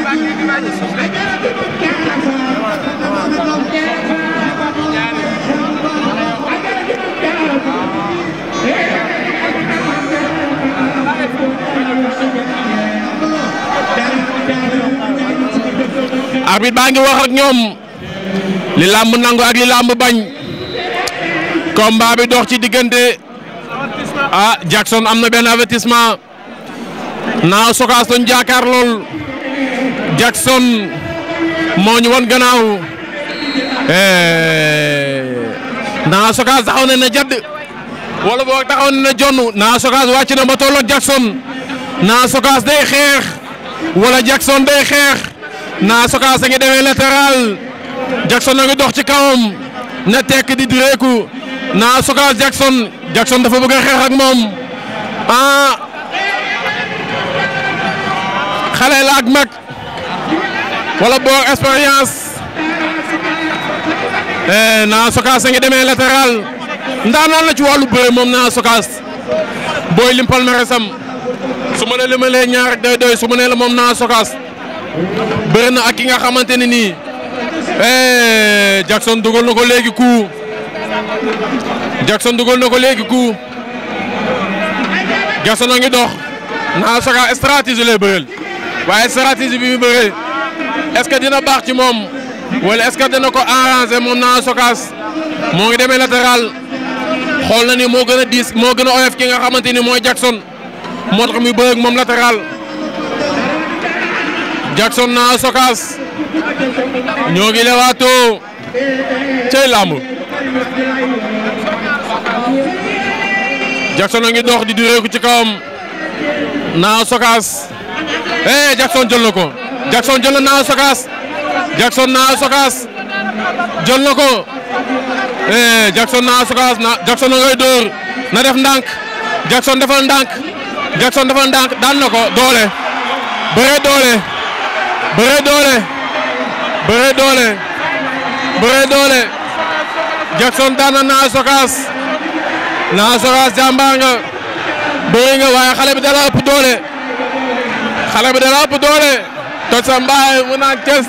arbitre baa ngi wax ak ñoom li làmb nangu ak li làmb bañ combat bi dox ci diggante ah Jackson am na benn avertissement naa sokaas lañ jaakaar lool Jackson moo ñu won gannaaw eh, Nana Sogas taxaw na ne jadd wala boog taxaw na ne jonn Nana Sogas wàcc na ba tolloog Jackson Nana Sogas day xeex wala Jackson day xeex Nana Sogas a ngi demee latéral Jackson a ngi dox ci kawam na tekk di direeku Nana Sogas Jackson Jackson dafa bëgg xeex ak moom ah xale la mag. wala boog expérience eh, Naa Sokaas a ngi demee latéral ndaanaan la ci wàllu bëre moom Naa Sokaas booy limpal palmarès am su ma nee limalee ñaar ak doy su ma nee la moom Naa Sokaas bëre na ak ki nga xamante ne nii eh, Jackson dugal na ko léegi ku Jackson dugal na ko léegi ku Jackson a ngi dox Naa Sokaas stratégie lay bëreel waaye stratégie bi mu bëree. est que dina baax ci moom wala est-ce que dina ko arranger moom Nana Sogas moo ngi demee latéral xool na ni moo gën a diis moo gën a oyof ki nga xamante ni mooy Jackson moo tax muy bëgg moom latéral Jackson Nana Sogas ñoo ngi lewaatoo cey làmb Jackson a ngi dox di dureeku ci kawam Nana Sogas eh Jackson jël na ko. Jackson jël na sokaas Jackson na sokaas jël na ko eh Jackson na sokaas Jackson na ngay dóor na def ndànk Jackson defal ndànk Jackson defal ndànk daan na ko doole bëre doole bëre doole bëre doole Jackson daan na sokaas na sokaas jàmbaar nga waaye xale bi dala ëpp doole xale bi dala ëpp doole toj sa mbaay mu naan cës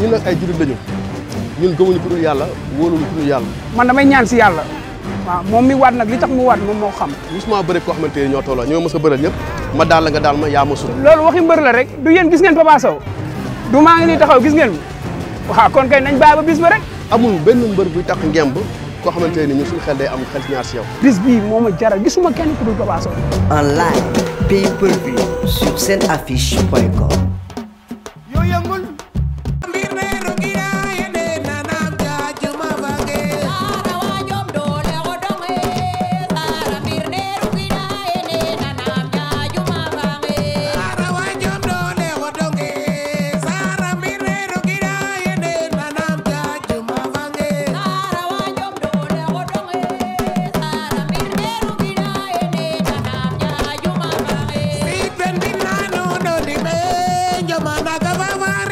ñun nag ay jullit lañu ñun gëmuñu ku dul yàlla wóoluñu ku yàlla man damay ñaan si yàlla waaw moom mi waat nag li tax mu waat moom moo xam musuma bëri koo xamante ne ñoo tolloo ñoo mës a bëral ñëpp ma daal la nga daal ma yaa ma sut loolu waxi mbër la rek du yéen gis ngeen Papa Sow du maa ngi nii taxaw gis ngeen waaw kon kay nañ bàyyi ba bis ba rek amul benn mbër buy tax ngemb koo xamante ne ñun suñu xel day am xel ci ñaar si yow bis bii moo ma jaral gisuma kenn ku dul Papa Sow en live pay per view sur seen affiche point com Baba Mara